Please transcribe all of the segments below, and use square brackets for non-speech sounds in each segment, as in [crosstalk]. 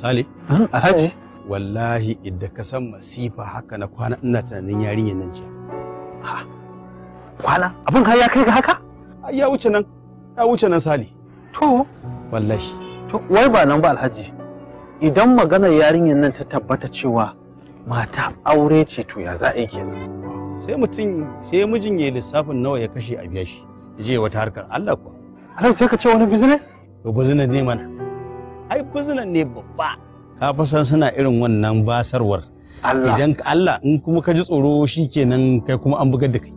Sale? Ah, Alhaji? Wallahi idda ka san masifa haka na kwana ina tunanin yarinyar nan jiya. Ha? Kwana? Abin har ya kai ga haka? Ya wuce nan. Ya wuce nan Sale. To? Wallahi. To wai ba nan ba Alhaji. Idan magana yarinyar nan ta tabbata cewa mata aure ce to ya za a yi kenan. Sai mutum sai mijin ya lissafin nawa ya kashe a biya shi. Je wata harkar Allah kuwa. Alhaji sai ka ce wani business? to business ne mana. kuzinan ne babba ka san suna irin wannan basarwar allah idan Allah in kuma ka ji tsoro kenan kai kuma an bugar da kai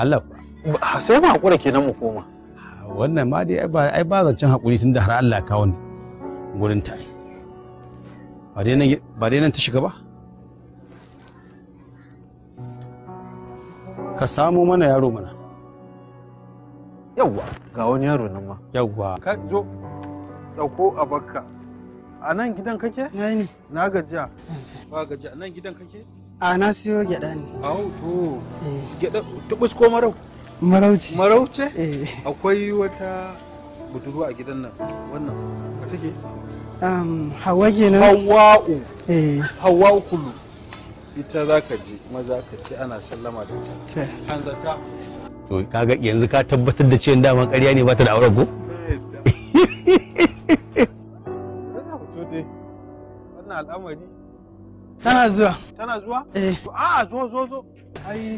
Allah sai ba hakura kenan mu koma wannan ma dai ai ba zancen hakuri da har Allah kawo wani gurin ta ba dai nan ta shiga ba ka samo mana yaro mana yawwa ga wani yaro nan ma yawwa ka zo ɗauko a bakka a nan gidan kake? na ne na gajiya ba gajiya a nan gidan kake? a na siyo gyaɗa ne au to eh. gyaɗa tubus ko marau marauci marauce eh. akwai wata budurwa a gidan nan wannan ba take um hawa kenan hawa'u eh hawa'u kullu ita za ka je kuma za ka ce ana sallama da ita an zata to kaga yanzu ka tabbatar da cewa dama ƙarya ne ba ta da auren ko [laughs] al'amari tana zuwa tana zuwa eh a zo zo zo ai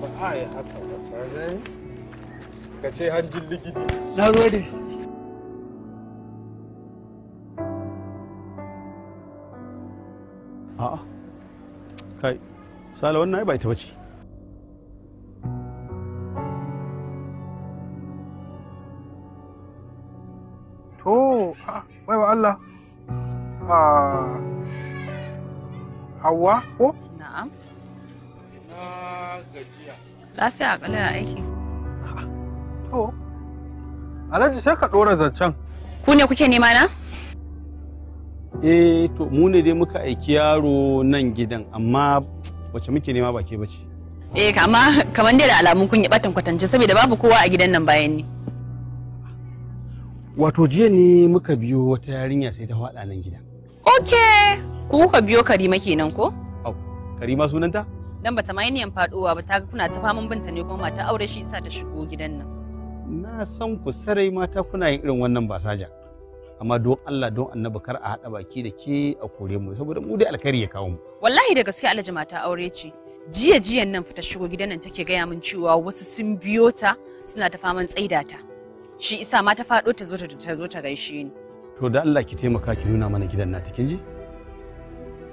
ba a yi haka ba zai. ka ce hanjin ligidi na gode a'a kai sala wannan ai ba ita bace Hauwa ko? Na'am. Ina gajiya. Lafiya a ya aiki. To, Alhaji sai ka ɗora zancen. Ku ne kuke nema na? Eh, to mu ne dai muka aiki yaro nan gidan amma wacce muke nema ba ke bace. Eh, kama kamar dai da alamun kun yi batan kwatance saboda babu kowa a gidan nan bayan ni. Wato jiya ne muka biyo wata yarinya sai ta faɗa nan gidan. Okay. Ku kuka biyo Karima kenan ko? Au, Karima sunanta? Dan bata ma yaniyan faduwa ba ta ga kuna ta faman binta ne kuma mata aure shi isa ta shigo gidan nan. Na san ku sarai mata kuna yin irin wannan basaja. amma don Allah don annabi kar a haɗa baki da ke a kore mu saboda mu dai alkhairi ya kawo mu wallahi da gaske jama'a ta aure ce jiya jiyan nan fita shigo gidan nan take gaya min cewa wasu sun biyo ta suna ta faman tsaida ta shi isa ma ta faɗo ta zo ta zo ta gaishe ni to da Allah ki taimaka ki nuna mana gidan na kin ji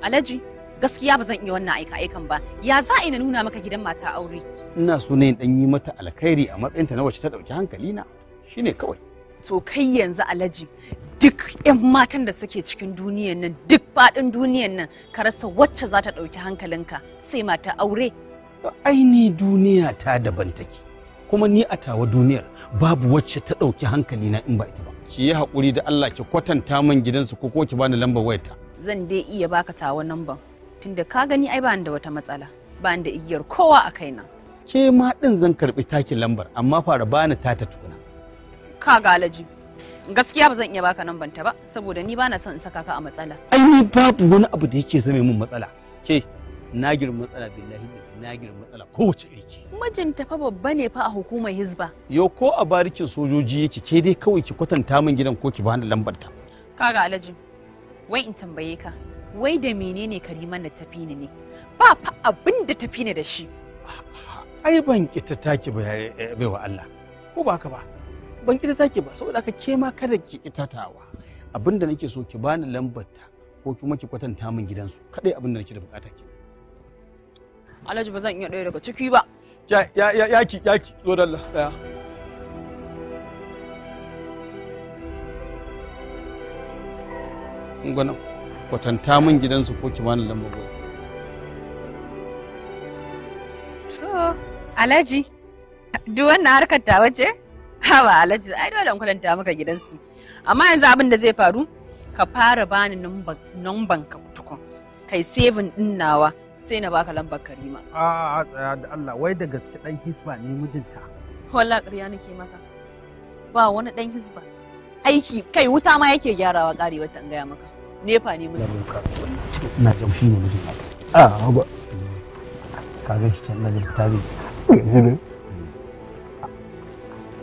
Alhaji, gaskiya ba zan iya wannan aika-aikan ba. Ya za a na nuna maka gidan mata aure? Ina so ne dan yi mata alkhairi a matsayinta na wacce ta ɗauki hankali na. Shine kawai. To kai yanzu Alhaji, duk 'yan matan da suke cikin duniyan nan, duk faɗin duniyar nan, ka rasa wacce za ta ɗauki hankalinka sai mata aure. Aini duniya ta daban take. kuma ni a tawa duniyar babu wacce ta ɗauki hankali na in ba ita ba. Ki yi hakuri da Allah ki kwatanta min gidansu ko ko ki bani lambar wayarta. zan dai iya baka tawa namban tunda ka gani ai ba da wata matsala ba da igiyar kowa a na. ke ma din zan karbi taki lambar amma fara bani ta ta tuna ka galaji gaskiya ba zan iya baka namban ta ba saboda ni bana son in saka ka a matsala ai ni babu wani abu da yake zame min matsala ke na girma matsala billahi na girma matsala kowace irki mijinta fa babba ne fa a hukumar hizba Yau ko a barikin sojoji yake ke dai kawai ki kwatanta min gidan ko ki bani lambar ta Ka ga alaji wai in tambaye ka wai da menene kariman da tafi ni ne ba fa abin da tafi ni da shi ai ban kita taki ba eh, eh, bai wa Allah ko ba ka ba ban kita taki ba saboda ka ke ma kada ki kitatawa abin da nake so ki bani lambar ta ko kuma ki kwatanta min gidansu kadai abin da nake da bukata ke Alhaji ba zan iya ɗaya daga ciki ba ya ya ya ki ya ki zo da Allah gwanan kwatanta min gidansu ko kimanin lambar wata. To, Alhaji, duk wannan harkar ta waje? Hawa Alhaji, ai dole an kwatanta maka gidansu. Amma yanzu abin da zai faru, ka fara bani numban ka tukun. Kai sevin din nawa sai na baka lambar Karima. A a tsaya da Allah, wai da gaske dan hisba ne mijinta. Wallahi ƙarya nake maka. Ba wani dan hisba. aiki kai wuta ma yake gyarawa karewa wata gaya maka nefa ne mutum na jam shi ne mutum a ba ka ga shi can daga ta bi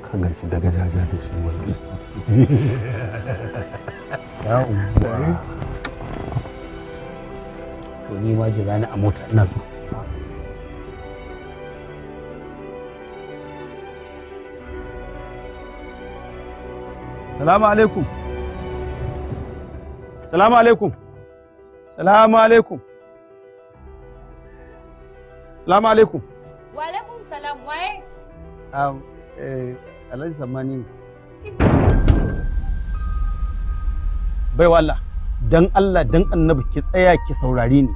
ka ga shi daga jaja da shi wani ya uwa to ni ma jira ni a mota ina zuwa salamu alaikum salamu alaikum salamu alaikum salamu alaikum wa alaikum salam waye um, eh, alhaji Samani. bai wallah dan Allah dan annabi ki tsaya ki saurare ni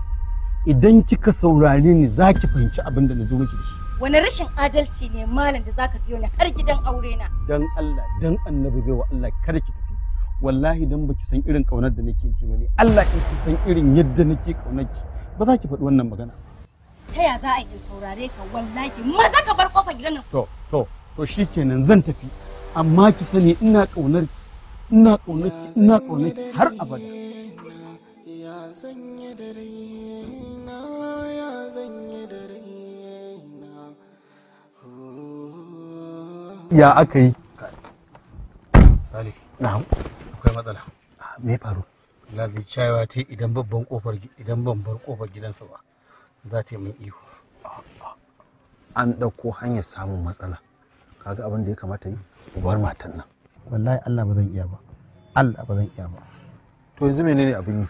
idan kika saurare ni za ki fahimci abin da na zo miki da shi wani rashin adalci ne malam da zaka biyo ni har gidan aure na dan Allah dan annabi wa Allah kada ki tafi wallahi dan baki san irin kaunar da nake miki bane Allah in ki san irin yadda nake kaunar ki ba za ki faɗi wannan magana ta ya za a yi saurare ka wallahi maza ka bar kofar gidan nan to to to shikenan zan tafi amma ki sani ina kaunar ki ina kaunar ki ina kaunar ki har abada ya sanya da rai ya aka yi sale na'am akwai matsala me faru lafi cewa ta idan babban kofar idan ban bar kofar gidansa ba za ta min ihu an dauko hanyar samun matsala kaga abin da ya kamata yi bar matan nan wallahi Allah ba zan iya ba Allah ba zan iya ba to yanzu menene abin yi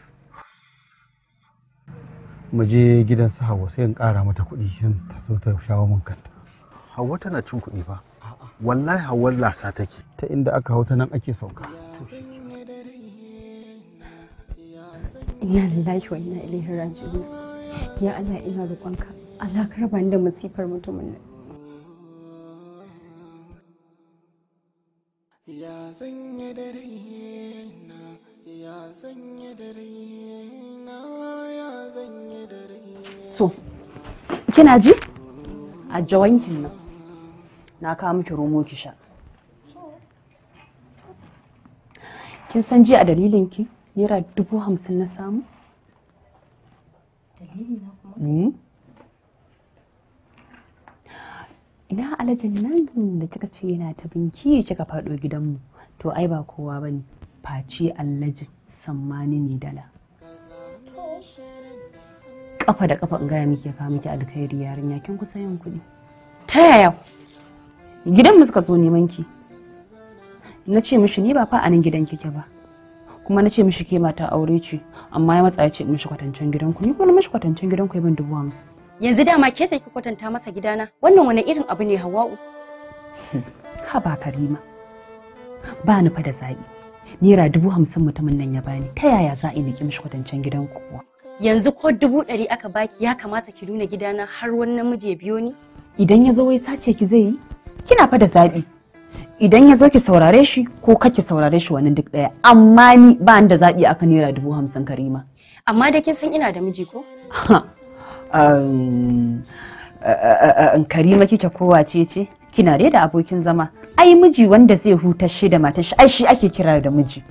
mu je gidan su Hauwa sai in ƙara mata kuɗi shin ta so ta shawo min kanta Hauwa tana cin kuɗi fa wallahi hawar lasa take ta inda aka hau ta nan ake sauka ina lillahi wa ina ilaihi raji'un ya Allah ina roƙonka Allah ka raba ni da masifar mutumin nan ya sanya dare na ya sanya dare na ya sanya dare so kina ji a jawankin nan na kawo miki romo ki sha kin san jiya a dalilin ki naira dubu hamsin na samu hmm? ina alajin nan da kika ce yana ta binki kika faɗo gidanmu to ai ba kowa ba ne face allaji sammani ne dala kafa da kafa in gaya miki ya kawo miki alkhairi yarinya kin kusa yin kuɗi ta yaya gidan mu suka zo neman ki na ce mishi ni ba fa anan gidan kike ba kuma na ce mishi ke mata aure ce amma ya matsa ya ce mishi kwatancen gidan ku ni kuma mishi kwatancen gidan ku ya ban dubu hamsin yanzu dama ke sai ki kwatanta masa gidana wannan wani irin abu ne hawa'u [laughs] ha ba karima ba ni fa da zaɓi naira dubu hamsin mutumin nan ya bani ta yaya za a yi mishi kwatancen gidan ku kuwa yanzu ko dubu ɗari aka baki ya kamata ki nuna gidana har wani namiji ya biyo ni idan ya zo ya sace ki zai yi kina fa da zaɓi idan ya zo ki saurare shi ko ki saurare shi wani duk ɗaya amma ni ba da zaɓi aka naira dubu hamsin karima amma da kin san ina da miji ko karima kike kowa ce ce kina dai da abokin zama ai miji wanda zai hutar shi da matar shi ai shi ake kira da miji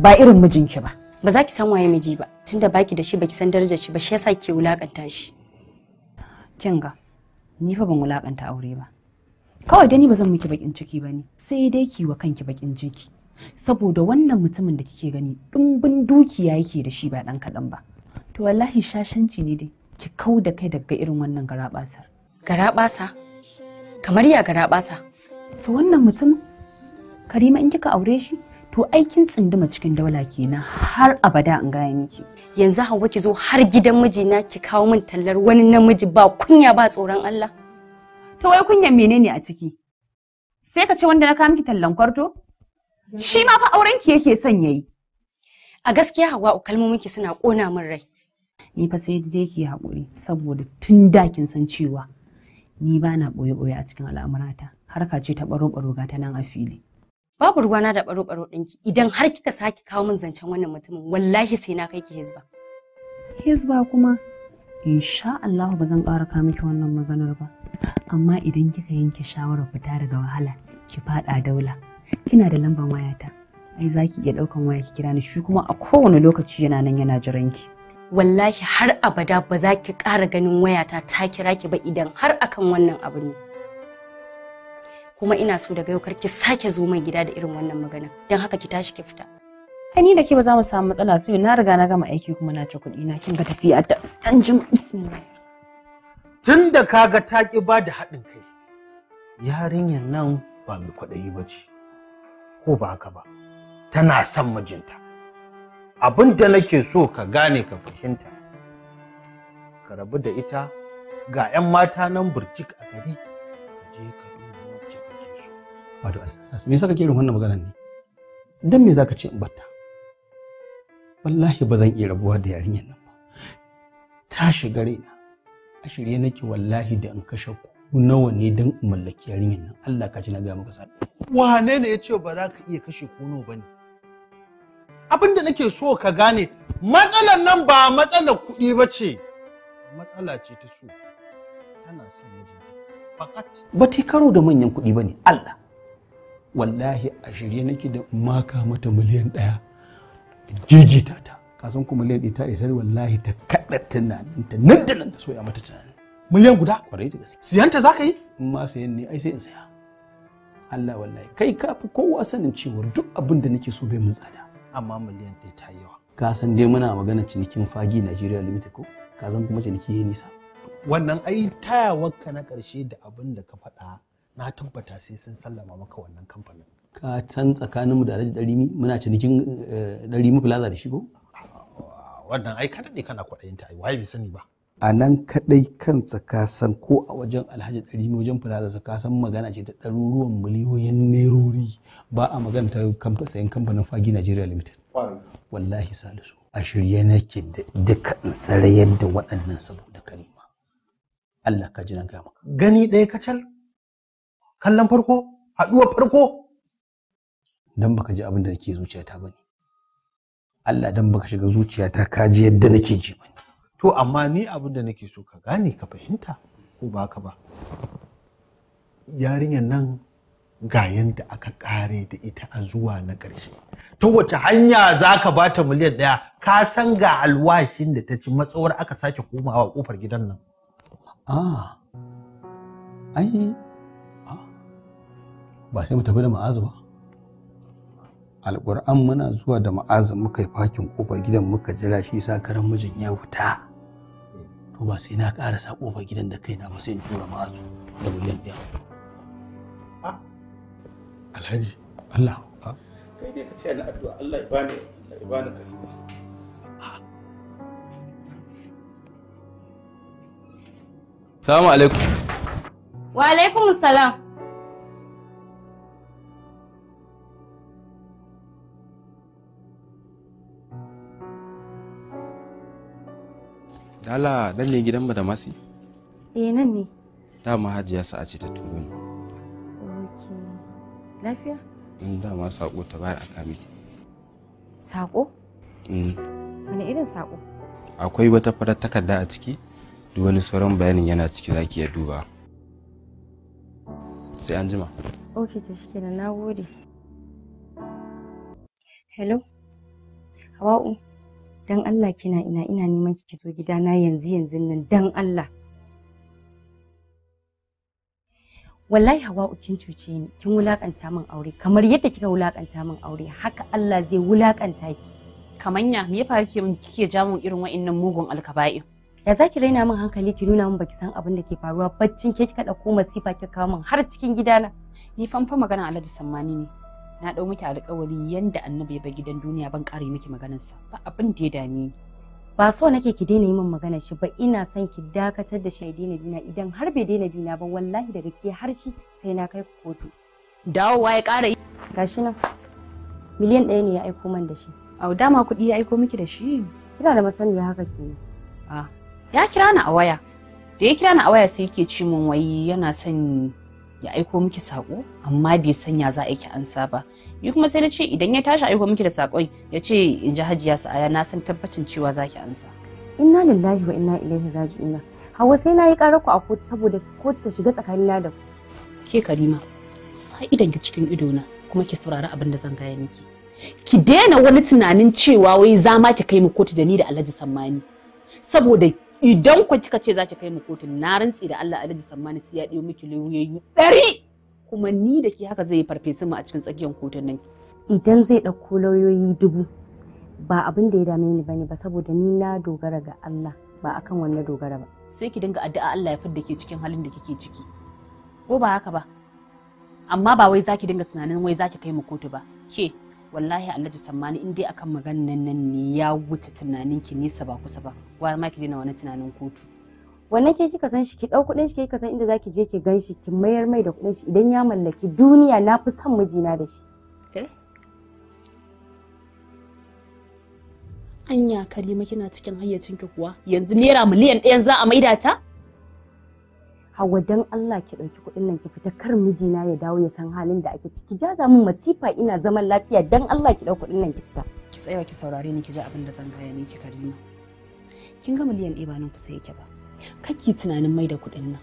ba irin ki ba ba za ki san waye miji ba tunda baki da shi baki san darajar shi ba shi yasa ke wulakanta shi kinga ni fa ban wulakanta aure ba kawai dani ba zan miki bakin ciki ba ne sai dai ki wa kanki bakin ciki saboda wannan mutumin da kike gani ɗumbin dukiya yake da shi ba ɗan kaɗan ba to wallahi shashanci ne dai ki kau da kai daga irin wannan garabasar garabasa kamar ya garabasa to wannan mutumin karima in kika aure shi to aikin tsinduma cikin daula kenan har abada in gaya miki yanzu hawa ki zo har gidan mijina ki kawo min tallar wani namiji ba kunya ba tsoron Allah to wai kunyan menene a ciki sai ka ce wanda na kawo miki tallan kwarto shi ma fa auren ki yake son yayi a gaskiya hawa kalmomin ki suna kona min rai ni fa sai dai ki hakuri saboda tun da kin san cewa ni ba na boye boye a cikin al'amurata harka ce ta baro baro ga ta nan a fili babu ruwa na da baro-baro ɗinki idan har kika sake kawo min zancen wannan mutumin wallahi sai na kai ki hizba. Hizba kuma insha Allah ba zan ƙara ka miki wannan maganar ba amma idan kika yanke shawarar fita daga wahala ki faɗa daula kina da lambar wayata ai za ki iya ɗaukan waya ki kira ni shi kuma a kowane lokaci yana nan yana jiran ki. Wallahi har abada ba za ki ƙara ganin wayata ta kira ki ba idan har akan wannan abu ne. kuma ina so daga yau kar ki sake zo mai gida da irin wannan magana don haka ki tashi ki fita ai ni da ke ba za mu samu matsala su na riga na gama aiki kuma na ci kuɗi na kin ga tafiya ta an jin bismillah tun kaga ta ki ba da haɗin kai yarinyar nan ba mai kwaɗayi ba ce ko ba haka ba tana son mijinta abin da nake so ka gane ka fahimta ka rabu da ita ga 'yan mata nan burjik a gari wato me yasa kake irin wannan maganar ne dan me zaka ce in batta wallahi ba zan iya rabuwa da yarinyar nan ba ta shiga raina a shirye nake wallahi da in kashe ku nawa ne dan in mallaki yarinyar nan Allah ka ji na ga maka sani wane ne ya ce ba za ka iya kashe ku nawa bane abin da nake so ka gane matsalar nan ba matsalar kuɗi ba ce matsala ce ta so tana son mijinta fakat ba ta karo da manyan kuɗi ba ne Allah wallahi a shirye nake da maka mata miliyan ɗaya gigita ta kasan kuma miliyan ɗaya ta isa wallahi ta kaɗa tunaninta nan da nan ta soya mata tunani miliyan guda kwarai da gaske siyanta za ka yi in ma sayan ne ai sai in saya Allah wallahi kai ka fi kowa sanin cewar duk abin da nake so bai mun tsada amma miliyan ɗaya ta yawa ka san dai muna magana cinikin fagi Nigeria Limited ko ka san kuma ciniki ya nisa wannan ai tayawarka na ƙarshe da abin da ka faɗa na tabbata sai sun sallama maka wannan kamfanin ka tsakanin mu da alhaji ɗarimi muna cinikin eh, ɗarimi plaza da shi ko wannan ai kada ne kana kwaɗayin ta ai waye bai sani ba a nan kaɗai kan ka ko a wajen alhaji ɗarimi wajen plaza ka san magana ce ta ɗaruruwan miliyoyin nerori ba a magana ta kamfa kamfanin fagi nigeria limited wallahi salisu a shirye nake da duka in sarayar da waɗannan saboda karima Allah ka ji na gama gani ɗaya kacal kallon farko haɗuwar farko dan baka ji abin da nake zuciyata bane Allah dan baka shiga zuciyata ka ji yadda nake ji bane to amma ni abin da nake so ka gane ka fahimta ko ba ka ba yarinyar nan ga yadda aka kare da ita a zuwa na ƙarshe ta wace hanya za ka ba ta miliyan ɗaya ka san ga alwashin da ta ci matsawar aka sake komawa ƙofar gidan nan ah ai ba sai mu tafi da ma'azu ba alƙur'an muna zuwa da ma'azu muka yi fakin kofar gidan muka jira shi sa karan mijin ya fita to ba sai na ƙarasa kofar gidan da kaina ba sai in tura ma'azu da miliyan ɗaya alhaji allah kai dai ka ce na addu'a allah ya bani ya bani karima Salamu alaikum. Wa alaikum salam. Dala dan ne gidan da masi? Eh nan ne. Dama Hajiya sa'a ce ta turo ni. Okay. Lafiya? In mm, dama sako ta bayar aka miki. Sako? Mm. Wani irin sako? Akwai wata farar takarda a ciki? Duk wani sauran bayanin yana ciki zaki ya duba. Sai an jima. Okay to shikenan nagode. Hello. Hawa'u. Dan Allah kina ina ina neman ki zo gidana yanzu yanzu nan dan Allah. Wallahi hawa kin cuce ni, kin wulakanta min aure kamar yadda kika wulakanta min aure haka Allah zai wulakanta ki. Kamanya me ya faru ke kike ja irin wa'annan mugun alkaba'i? Ya zaki raina min hankali ki nuna min baki san abin da ke faruwa baccin ke kika dauko masifa kika kawo min har cikin gidana. Ni fanfa magana Alhaji Sammani ne. na dau miki alƙawari yanda annabi ya bar gidan duniya ban ƙare miki maganarsa ba abin da ya dame ba so nake ki daina yi min magana shi ba ina son ki dakatar da shi daina bina idan har bai daina bina ba wallahi daga ke har shi sai na kai ku kotu dawowa ya ƙara gashi nan miliyan ɗaya ne ya aiko man da shi a dama kuɗi ya aiko miki da shi kina da masaniya haka ke ah, ya kira ni a waya da ya kira ni a waya sai yake ci min wai yana son ya aiko miki sako amma bai san ya za a yi ansa ba ni kuma sai na ce idan ya tashi aiko miki da sakon ya ce in ji hajiya sa'aya na san tabbacin cewa za ki ansa inna lillahi wa inna ilaihi raji'una hawa sai na yi karar ku a kotu saboda kotu ta shiga tsakanin da ku ke karima sa idan ki cikin idona kuma ki saurari abin da zan gaya miki ki daina wani tunanin cewa wai za ma ki kai mu kotu da ni da Alhaji Sammani saboda idan ku kika ce zaki kai mu kotu na rantsi da Allah alaji Sammani sai ya ɗiyo miki lauyoyi ɗari kuma ni da ke haka zai yi farfesu mu a cikin tsakiyar kotun nan idan zai ɗauko lauyoyi dubu ba abin da ya dame ni bane ba saboda ni na dogara ga Allah ba akan wannan dogara ba sai ki dinga addu'a Allah ya fidda ke cikin halin da kike ciki ko ba haka ba amma ba wai zaki dinga tunanin wai zaki kai mu kotu ba ke wallahi alhaji sammani in dai akan maganan nan ne ya wuce tunanin ki nisa ba kusa ba gwara ma ki daina wani tunanin kotu wannan ke kika san shi ki dau kudin shi kika san inda zaki je ki gan shi ki mayar mai da kudin shi idan ya mallaki duniya na fi son mijina da shi eh? anya kalima kina cikin hayyacin ki kuwa yanzu naira miliyan ɗayan za a maida ta hawa dan Allah ki ɗauki kuɗin nan ki fita kar mijina ya dawo ya san halin da ake ciki jaza min masifa ina zaman lafiya dan Allah ki ɗauki kuɗin nan ki fita ki tsaya ki saurare ni ki ji abin da zan gaya miki Karima kin ga miliyan ɗaya ba nan kusa yake ba kake tunanin mai da kuɗin nan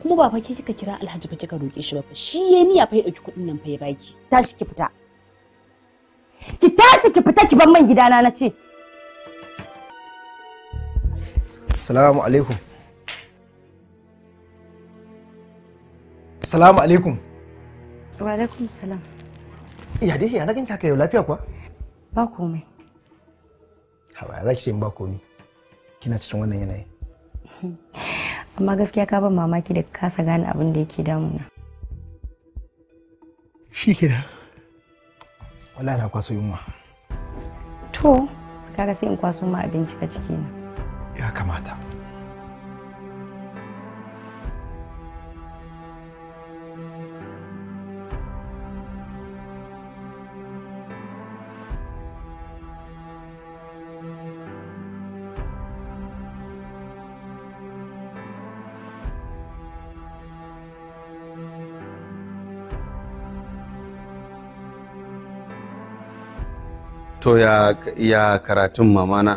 kuma ba fa ke kika kira Alhaji ba kika roke shi ba fa shi ya niyya fa ya ɗauki kuɗin nan fa ya baki tashi ki fita ki tashi ki fita ki bar man gidana na ce Salamu alaikum. Salamu alaikum. Wa alaikum salam. Ya dai ya na ganki haka yau lafiya kuwa? Ba komai. Hawa za ki ce ba komai. Kina cikin wannan yanayi. [laughs] Amma gaskiya ka ban mamaki da kasa gane abin da yake damuna. Shi da. Wallahi na kwaso yunwa. To, ga sai in kwaso ma abinci a ciki na. Ya kamata. to ya, ya karatun mamana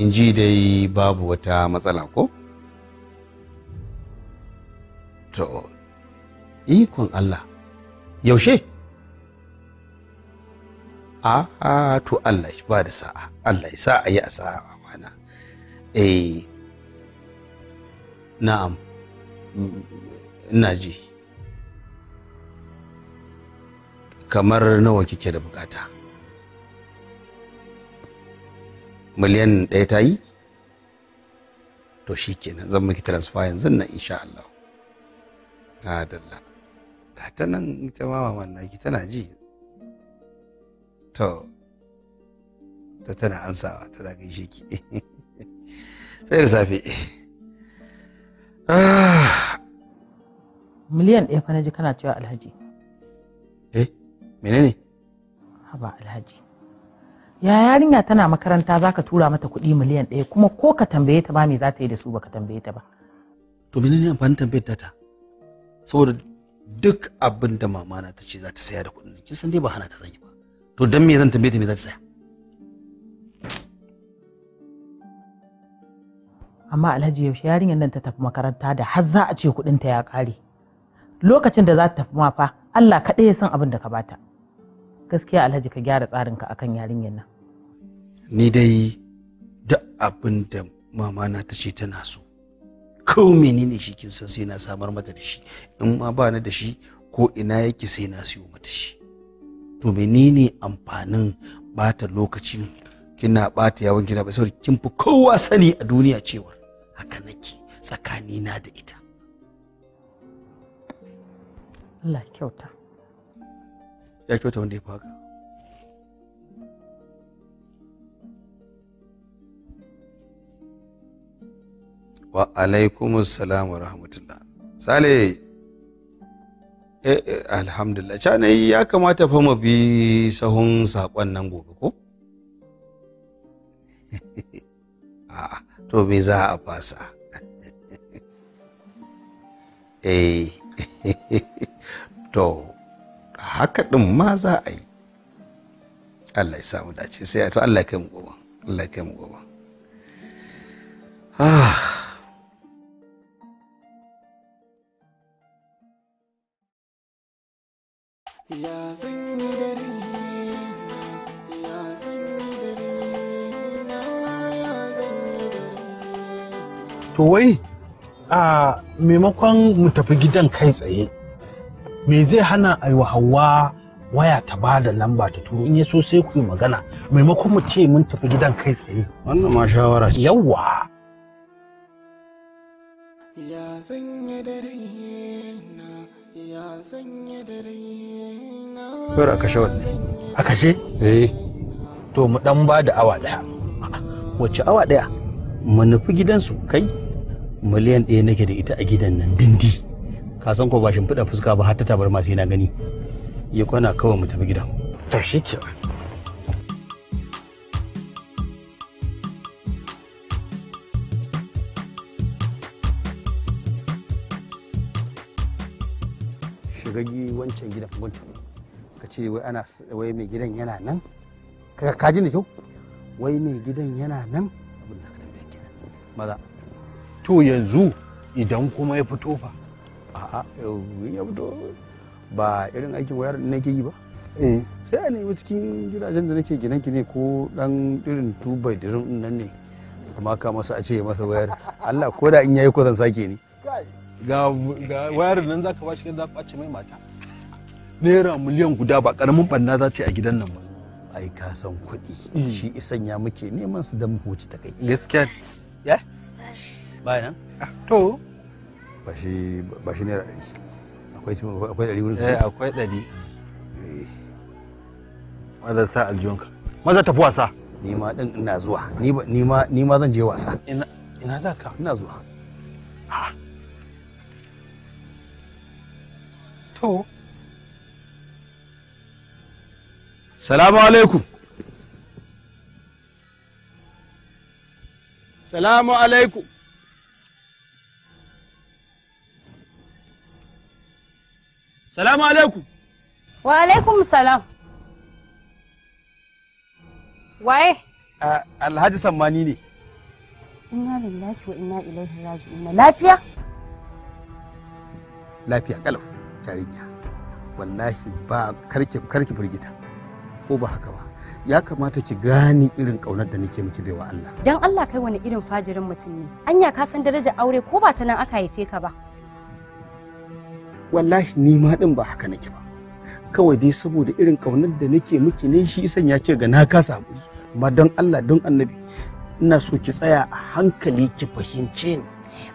in ji dai babu wata matsala ko? to ikon Allah yaushe? a to Allah shi ba da sa'a Allah ya sa'a ya sa'a mamana eh na'am ina ji kamar nawa kike da bukata miliyan ɗaya ta yi to shi nan zan miki transfer yanzu nan insha Allah adalla ga ta nan ita ma wannan naki tana ji to ta tana ansawa tana gaishe ki [laughs] sai da safe ah. miliyan ɗaya fa na ji kana cewa alhaji menene haba alhaji ya yarinya tana makaranta zaka tura mata kuɗi miliyan ɗaya kuma ko ka tambaye ta ba me za ta yi da su baka tambaye ta ba to menene amfanin tambayar ta saboda duk abin da mamana ta ce za ta saya da kuɗin kin san dai ba hana ta zanyi ba to dan me zan tambaye ta me za ta saya amma alhaji yaushe yarinyar nan ta tafi makaranta da har za a ce kuɗinta ya ƙare lokacin da za ta tafi ma fa Allah kaɗai ya san abin da ka bata gaskiya alhaji ka gyara tsarinka akan yarinyar nan ni dai duk abin da mama na ta ce tana so ko menene shi kin san sai na samar mata da shi in ma ba na da shi ko ina yake sai na siyo mata shi to menene amfanin bata lokacin kina bata yawon gida ba saboda kin fi kowa sani a duniya cewa haka nake tsakanina da ita Allah kyauta ya wata wanda ya fi haka wa alaikumussalam wa rahmatullah sale eh, eh, alhamdulillah canayi ya kamata fa mu bi sahun saƙon nan gobe ko [laughs] a to me za a fasa [laughs] eh [laughs] to haka ɗin ma za a yi Allah ya samu dace sai a to Allah ya kai mu gobe Allah ya kai mu gobe ah Ya zan yi dare, ya zan yi dare, na ya zan yi dare. To wai, a maimakon mu tafi gidan kai tsaye, me zai hana a yi hawa waya ta ba da lamba ta turo in ya so sai ku yi magana maimakon mu ce mun tafi gidan kai tsaye wannan ma shawara ce yawwa ya sanya dare na ya sanya dare na bar aka shawar ne aka ce eh to mu dan ba da awa daya wace awa daya mu nufi gidansu kai miliyan ɗaya nake da ita a gidan nan dindi ka san ko ba shimfiɗa fuska ba har ta tabar masu yana gani ya kwana kawai mu tafi gida to shi ke shigaggi wancan gidan wancan ka ce wai ana wai mai gidan yana nan ka ji da kyau wai mai gidan yana nan abin da ka tambaye kenan maza to yanzu idan kuma ya fito fa a'a ya fito ba irin aikin wayar nake yi ba eh. sai a nemi cikin gidajen da nake gine gine ko dan irin tuba dirin nan ne amma ka masa a ce masa wayar Allah ko da in yayi ko zan sake ni ga wayar nan zaka bashi kan zaka ɓace mai mata naira miliyan guda ba karamin banna za ta yi a gidan nan ba ai ka san kuɗi eh. shi isan ya muke neman su dan mu huci ta kai gaskiya ya bayan to ba shi shi naira ɗari akwai ɗari wurin eh, akwai ɗari eh. maza sa aljiyonka maza tafi wasa ni ma ina zuwa ni ma zan je wasa ina ina za ka ina zuwa to salamu alaikum salamu alaikum Salamu alaikum. Wa alaikum salam. Waye? Alhaji Sammani ne. Inna lillahi wa inna ilaihi raji'un. Lafiya? Lafiya kalau tarinya. Wallahi ba karki karki burgita Ko ba haka ba. Ya kamata ki gane irin kaunar da nake miki baiwa Allah. Dan Allah kai wani irin fajirin mutum ne. Anya ka san darajar aure ko ba ta nan aka haife ka ba. wallahi ni ma din ba haka nake ba kawai dai saboda irin kaunar da nake miki ne shi isan ya ce ga na kasa haƙuri amma don Allah don annabi ina so ki tsaya a hankali ki fahimce ni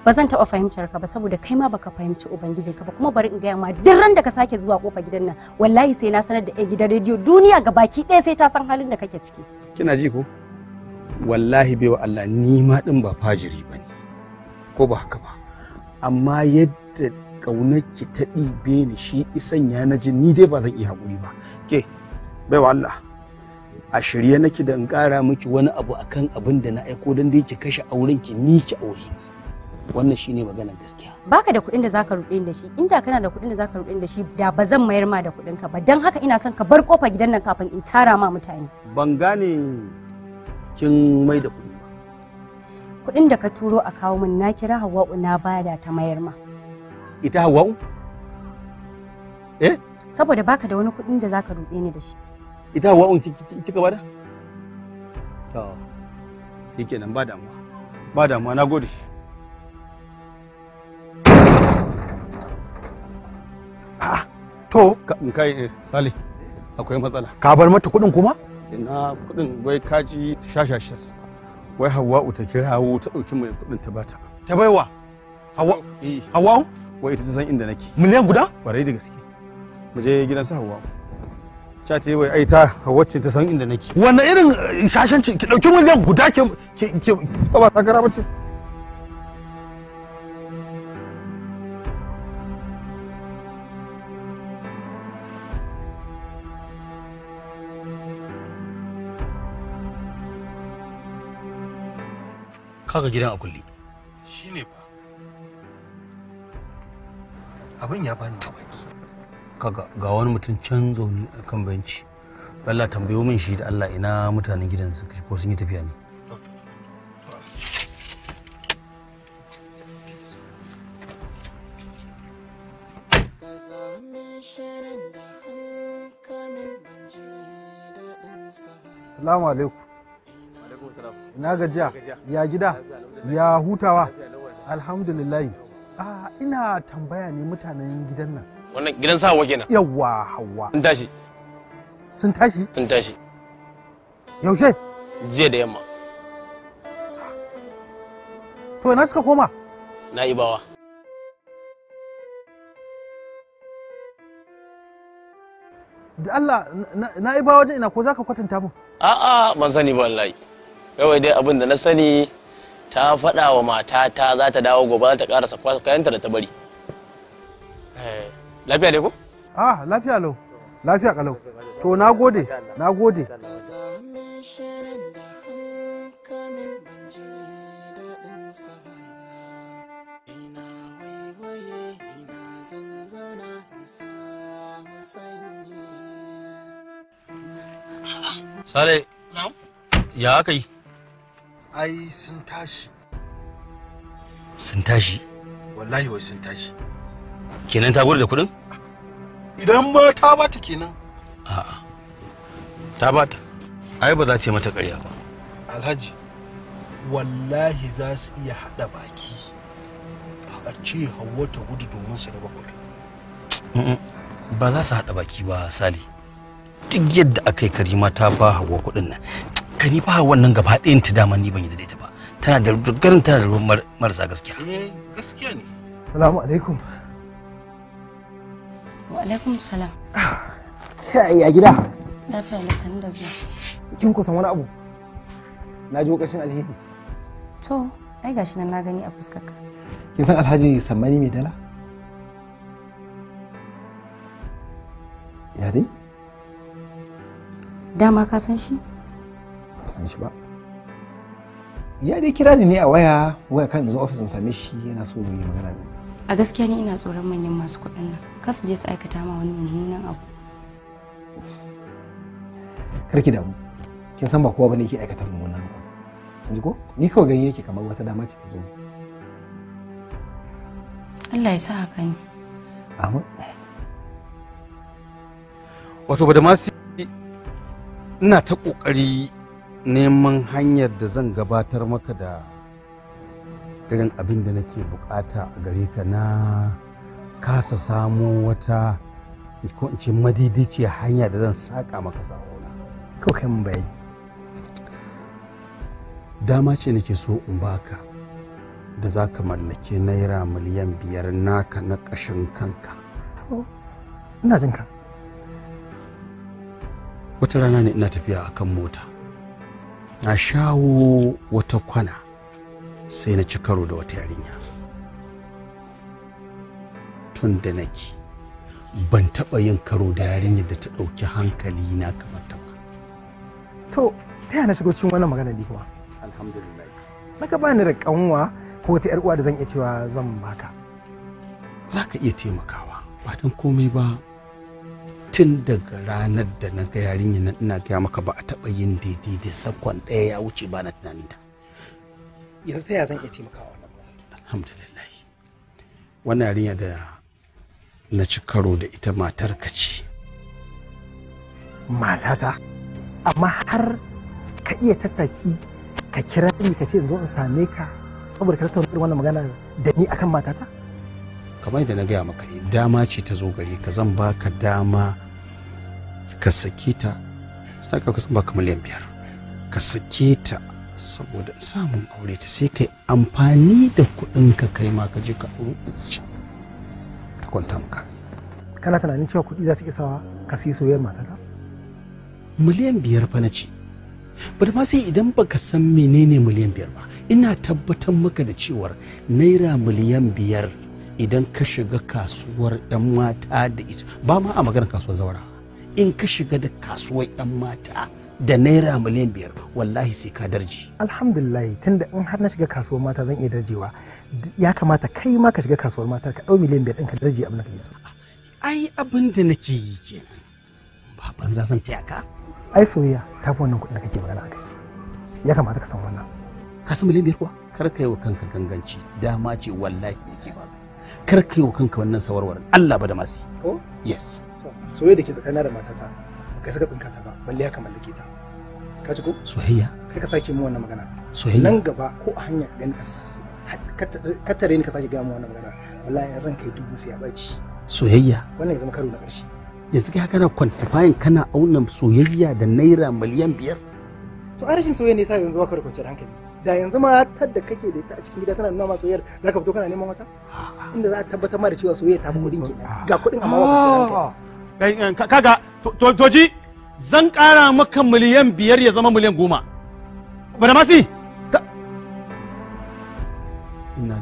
ba zan taɓa fahimtar ka ba saboda kai ma baka fahimci ubangijin ka ba kuma bari in gaya ma duk ran da ka sake zuwa kofa gidan nan wallahi sai na sanar da ɗan gidan rediyo duniya ga baki ɗaya sai ta san halin da kake ciki kina ji ko wallahi wa Allah ni ma din ba fajiri bane ko ba haka ba amma yadda ki ta ɗibe ni shi isan ya na ni dai ba zan iya haƙuri ba ke baiwa Allah a shirye nake da in ƙara miki wani abu akan abin da na aiko don dai ki kashe auren ki ni ki aure wannan shine maganar gaskiya baka da kuɗin da zaka ruɗe da shi inda kana da kuɗin da zaka ruɗe da shi da ba zan mayar ma da kuɗin ka ba don haka ina son ka bar kofa gidan nan kafin in tara ma mutane ban gane kin mai da kuɗi ba kuɗin da ka turo a kawo min na kira Hawwa'u na bada ta mayar ma ita hawa'u eh saboda baka da wani kuɗin da zaka ruɗe ni da shi ita hawa'u kika bada to nan ba damuwa ba damuwa nagode a'a to in kai eh, sale akwai matsala ka bar mata kuɗin kuma ina kuɗin wai kaji ta wai wai hawa'u ta kirawo ta ɗauki mai kuɗin ta bata ta baiwa hawa'u eh. wai ita ta san inda nake miliyan guda kwarai da gaske mu je gidan su hawa cha ta wai ai ta wacce ta san inda nake wannan irin eh, shashanci ki dauki miliyan guda ke ke ba gara bace kaga gidan a kulle abin ya bani mamaki kaga ga wani mutum can zaune a kan benci Allah tambayo min shi da Allah ina mutanen gidan su ko sun yi tafiya ne Salamu alaikum. Ina gajiya, ya gida, ya hutawa, alhamdulillahi. Ah, ina tambaya ne mutanen gidan nan. Wannan gidan sawa kenan. Yawwa, hawa. Sun tashi. Sun tashi? Sun tashi. Yaushe? Jiya da yamma. To ina suka koma? Na ibawa. Da Allah, na ibawa wajen ina ko za ka kwatanta mu? A'a, man sani ba wallahi. Kawai dai abin da na sani ta faɗa wa matata za ta dawo gobe za ta ƙarasa kayanta da ta bari eh, lafiya dai ko ah lafiya lau lafiya kalau to na gode na gode Sale, ya aka yi? ai sun tashi sun tashi wallahi wai sun tashi kenan ta da kudin idan ma ta bata kenan a'a ta bata ai ba za ta yi mata ƙarya ba alhaji wallahi za su iya haɗa baki a ce hawa ta gudu domin su raba kuɗi ba za su haɗa baki ba sali duk yadda aka yi karima ta ba hawa kuɗin nan ka ni fa wannan gaba ɗayan ta dama ni ban yi da ita ba tana da garin tana da marasa gaskiya eh gaskiya ne assalamu alaikum wa alaikum salam ya gida na ne sanin da zuwa kin kusan wani abu na ji kashin alheri to ai gashi nan na gani a fuskarka kin san alhaji sammani mai dala ya dai dama ka san shi same shi ba ya dai kira ni ne a waya waya kan zo ofisin same shi yana so yi magana da a gaskiya ni ina tsoron manyan masu kuɗin nan kar su je su aikata ma wani mummunan abu kar ki damu kin san ba kowa bane yake aikata mummunan abu kin ji ko ni kawai ganin yake kamar wata dama ce ta zo Allah ya sa haka ne amma wato ba da ma ina ta kokari neman hanyar da zan gabatar maka da irin abin da nake bukata a gare ka na kasa samo wata ko in ce hanya da zan saka maka sa'ona kai mun dama ce nake so in baka da za ka mallake naira miliyan biyar naka na ƙashin kanka ina jinka wata rana ne ina tafiya akan mota na shawo wata kwana sai na ci karo da wata yarinya tun da nake ban taɓa yin karo da yarinyar da ta ɗauki hankali na kamar ta ba to ta yana shigo cikin wannan magana ne kuma alhamdulillah naka bani da kanwa ko ta uwa da zan iya cewa zan baka za ka iya taimakawa ba don komai ba tun daga ranar da na ga yarinya nan ina gaya maka ba a taɓa yin daidai da sakon ɗaya ya wuce ba na tunanin ta yanzu ta ya zan iya taimakawa wannan alhamdulillah wannan yarinya da na ci karo da ita matar ka ce matata amma har ka iya tattaki ka kira ni ka ce in zo in same ka saboda ka tattauna wannan magana da ni akan matata kamar yadda na gaya maka eh, dama ce ta zo gare ka zan baka dama ka sake ta ta ka kusan ka miliyan biyar ka sake ta saboda samun aure ta sai kai amfani da kuɗin ka kai ma ka je ka aure ta kwanta maka kana tunanin cewa kuɗi za su isa wa ka sai soyayyar ta miliyan biyar fa na ce ba da ma sai idan baka san menene miliyan biyar ba ina tabbatar maka da cewar naira miliyan biyar idan ka shiga kasuwar 'yan mata da ita ba ma a maganar kasuwar zaura in ka shiga da kasuwar 'yan mata da naira miliyan biyar wallahi sai ka darji alhamdulillah tunda in har na shiga kasuwar mata zan iya darjewa ya kamata kai ma ka shiga kasuwar mata ka ɗau miliyan biyar ɗin ka darje abin da kake so ai abin da nake yi kenan ba banza zan taya ka ai soyayya ta fi wannan kuɗin da kake magana kai ya kamata ka san wannan ka san miliyan biyar kuwa kar ka yi wa kanka ganganci dama ce wallahi yake ba kar ka yi wa kanka wannan sawarwarin Allah ba da masi ko yes soyayya da ke tsakanin da matata ka saka tsinka ta ba balle ya mallake ta ka ji ko soyayya kar ka sake mu wannan magana soyayya nan gaba ko a hanya ni ka tare ni ka sake gaya mu wannan magana wallahi ran kai dubu sai ya baci soyayya wannan ya zama karo na karshe yanzu kai kana kwantifayin kana auna soyayya da naira miliyan biyar to a rashin soyayya ne sai yanzu ba ka da kwanciyar hankali da yanzu ma da kake da ita a cikin gida tana nuna ma za zaka fito kana neman wata inda za a tabbatar ma da cewa soyayya ta bugu din kenan ah. ga kudin amma ba kai eh, kaga to to ji zan kara maka miliyan biyar ya zama miliyan goma bana masi ina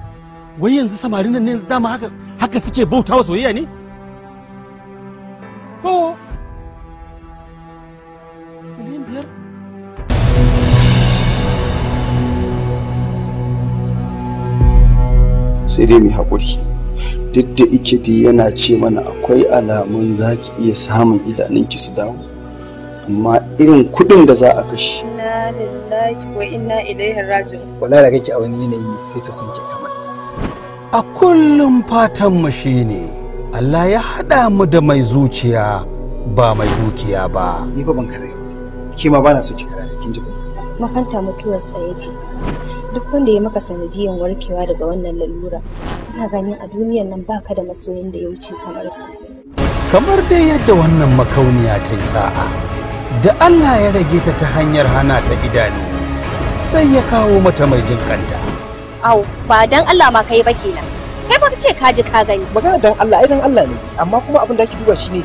wai yanzu samarin nan ne dama haka haka suke bautawa soyayya ne to sai dai mai haƙuri duk da ike dai yana ce mana akwai alamun za ki iya samun idanunki su dawo amma irin kuɗin da za a kashe inna lillahi wa inna ilaihi raji'un wala da kake a wani yanayi ne sai ta sanke kamar a kullum fatan mu shine Allah ya haɗa mu da mai zuciya ba mai dukiya ba ni fa ban kare ki ma bana so ki kare kin ji ba. makanta mutuwar tsaye ce duk wanda ya maka sanadiyan warkewa daga wannan lalura ina ganin a duniyan nan baka da masoyin da ya wuce kamar su kamar dai yadda wannan makauniya ta yi sa'a da Allah ya rage ta ta hanyar hana ta idanu sai ya kawo mata mai jin kanta au ba dan Allah ma kai ba kenan kai ba ce ka ji ka gani magana dan Allah ai dan Allah ne amma kuma abin da ake duba shine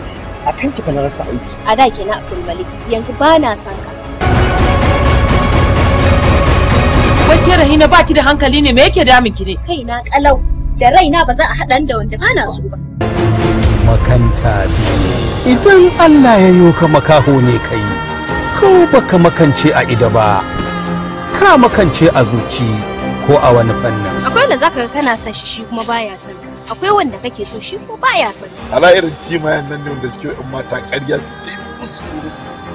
akan ki fa na rasa aiki a da kenan Abdul Malik yanzu ba na san ka Wai ke Rahina ba da hankali ne me yake damin ki ne? na kalau da raina ba za a haɗa da wanda bana so ba. Makanta Idan Allah ya yo ka makaho ne kai, ko baka makance a ido ba, ka makance a zuci ko a wani fannin. Akwai wanda zaka ga kana son shi shi kuma baya son ka. akwai wanda kake so shi ko baya son ala irin jimayen nan ne wanda suke yan mata ƙarya su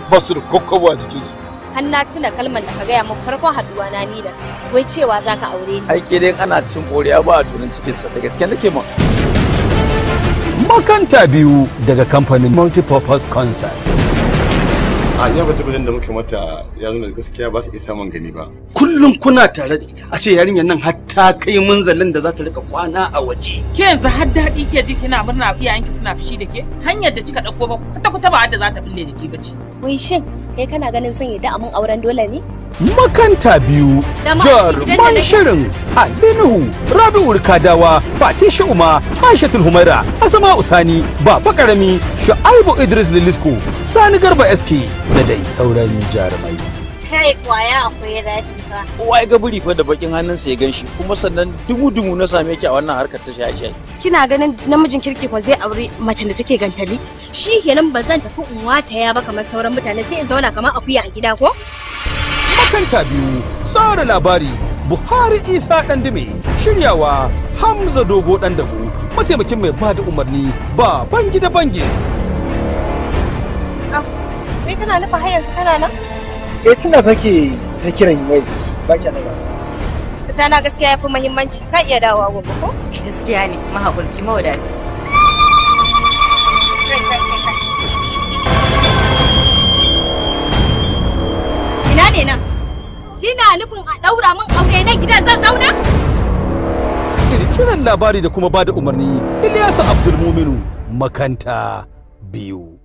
ba su da kokowa jikinsu har na tuna kalmar da ka gaya min farko haduwa na ni da wai cewa za ka aure ni ke dai ana cin koriya ba a tunan cikin sa da gaske nake ma makanta biyu daga kamfanin multipurpose concert a ya ba tabbatar da muke mata yarinyar gaskiya ba ta isa man gani ba kullum kuna tare da ita a ce yarinyar nan har ta kai munzalin da za ta rika kwana a waje ke yanzu har daɗi ke ji kina murna iyayenki suna fushi da ke hanyar da kika ɗauko ba kwata kwata ba da za ta bille da ke bace wai shin kai kana ganin sun yadda amin auren dole ne makanta biyu jaruman shirin Aminu, Rabi Urkadawa, fati sha'uma aishatul humaira asama usani baba karami sha'aibu idris lilisko sani garba sk da dai sauran jarumai kai kwaya akwai rafi ka? wai ga buri fa da bakin hannunsa ya ganshi kuma sannan dumu dumu na same ki a wannan harkar ta shaye shaye kina ganin namijin kirki fa zai aure macen da take gantali shi kenan ba zan tafi in ya ba kamar sauran mutane sai in zauna kamar akuya a gida ko makanta biyu tsara labari buhari isa dandime shiryawa hamza dogo dandago mataimakin mai bada umarni ba bangi da bangi kai ah, kana nufa har yanzu kana nan eh tunda sake ta kiran wai ba ki daga fita na gaskiya yafi muhimmanci kan iya dawowa gobe ko gaskiya ne mahaƙurci mawadaci ne nan kina nufin a daura min aure na gidan zan zauna kirkiran labari da kuma bada umarni Ilyasu Abdulmuminu makanta biyu